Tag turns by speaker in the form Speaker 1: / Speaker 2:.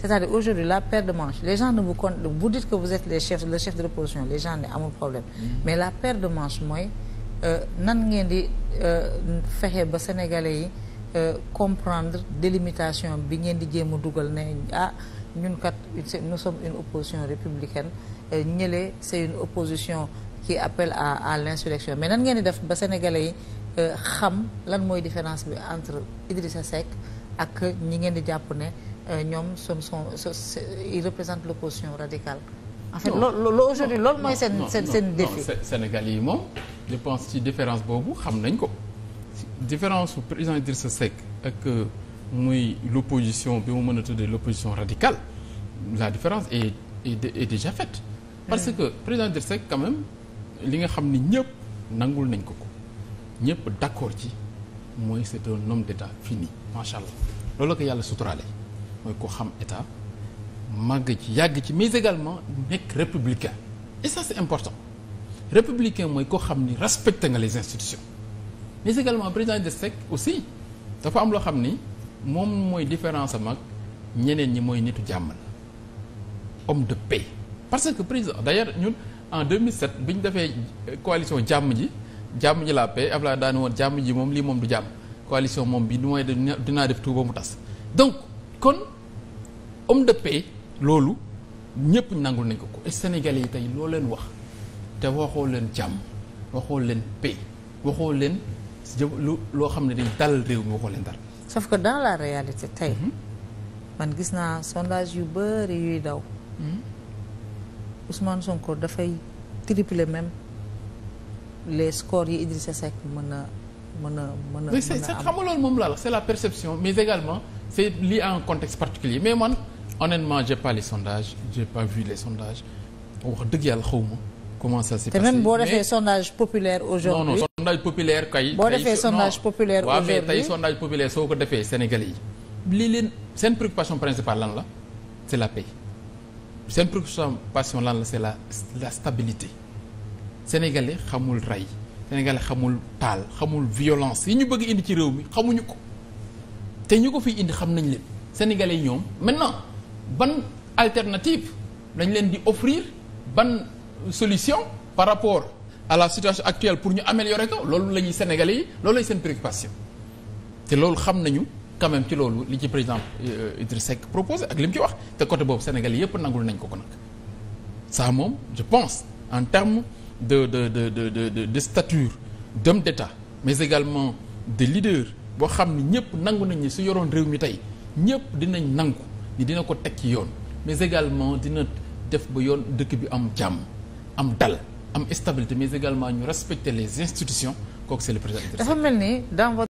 Speaker 1: c'est-à-dire aujourd'hui la paire de manches les gens ne vous comptent vous dites que vous êtes les chefs le chef de l'opposition les gens ne amul problème mm-hmm. mais la paire de manches mooy euh, nan ngeen di euh, fexe ba sénégalais yi euh, comprendre délimitation bi ngeen di jéem a dugal ne ah ñun kat nous sommes une opposition républicaine ñële c'est une opposition qui appelle à à l'insurrection mais nan ngeen di def ba sénégalais yi xam lan mooy différence bi entre Idrissa sec ak ñi ngeen di jàpp ne Euh, ñoom son son ils représentent l'opposition radicale en fait loolu aujourd'hui loolu mooy seen seen seen défi
Speaker 2: Sénégal yi moom je pense ci différence boobu xam nañ ko différence bu président Idrissa Seck ak euh, muy l'opposition bi mu mën a tuddee l'opposition radicale la différence est est déjà faite parce mm. que président Idrissa Seck quand li nga xam ni ñëpp nangul nañ ko ko ñëpp d'accord ci mooy c'est un d'État fini macha allah loolu la ko yàlla suturaale mooy ko xam état màgg ci yàgg ci mais également nekk républicain et ça c'est important républicain mooy ko xam ni respecté nga les institutions mais également président Idrissa sec aussi dafa am loo xam ni moom mooy différence am ak ñeneen ñi mooy nitu jàmm la homme de paix parce que président d'ailleurs ñun en 2007 bi ñu defee coalition jàmm ji jàmm ji la paix Abdoulaye daani woon jàmm ji moom lii moom du jàmm coalition moom bi du mooy dinaa def tout mu tas donc kon homme de paix loolu ñëpp nangu nañ ko ko et yi tey loo leen wax te waxoo leen jàmm waxoo leen paix waxoo leen lu loo xam ne dañ dalal réew mi waxoo leen dara.
Speaker 1: sauf que dans la réalité tey. Mhm. man gis naa sondage yu bëri yuy daw. Mhm. Ousmane Sonko dafay tripler même les scores yi Idrissa Seck mën a mën a mën a. mën a am mais c'est xam nga
Speaker 2: loolu moom laa la c'est la perception mais également c'est lié à un contexte particulier mais man. honnêtement j'ai pas les sondages j'ai pas vu les sondages wax dëgg yàlla xaw ma comment ça te même boo defee
Speaker 1: sondage populaire aujourd'hui non non
Speaker 2: sondage populaire kay. boo defee sondage
Speaker 1: populaire aujourd'hui waaw
Speaker 2: mais tey soo ko defee Sénégalais yi. lii leen seen préoccupation principale lan la c'est la paix seen préoccupation lan la c'est la la stabilité Sénégalais xamul rey Sénégalais xamul taal xamul violence yi ñu bëgg indi ci réew mi xamuñu ko te ñu ko fi indi xam nañ leen Sénégalais ñoom ban alternative dañ leen di offrir ban solution par rapport à la situation actuelle pour ñu améliorer ko loolu la ñuy sénégalais yi loolu lañu seen préoccupation te loolu xam nañu quand ci loolu li ci par exemple euh, Idriss Seck proposé ak li mu ci wax te côté boobu sénégalais yëpp nangul nañ ko ko nag ça moom je pense en terme de de de de de de, de stature d'homme d'État mais également de leader boo xam ni ñëpp nangu nañ ni su yoroon réew mi tey ñëpp dinañ nangu yi dina ko teg ci yoon mais également dina def ba yoon dëkk bi am jàmm am dal am stabilité mais également ñu respecte les institutions kook c'est le président
Speaker 1: dafa mel ni dans